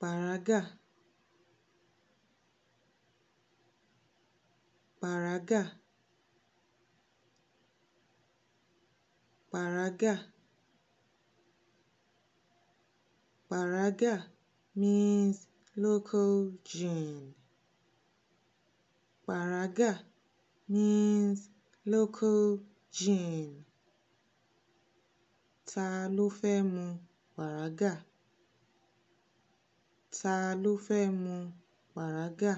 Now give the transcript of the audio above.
Paraga. Paraga. Paraga. Paraga means local gene. Paraga means local gene. Ta ló fẹ́ mu paraga? ta ló fẹ́ mu wàràgà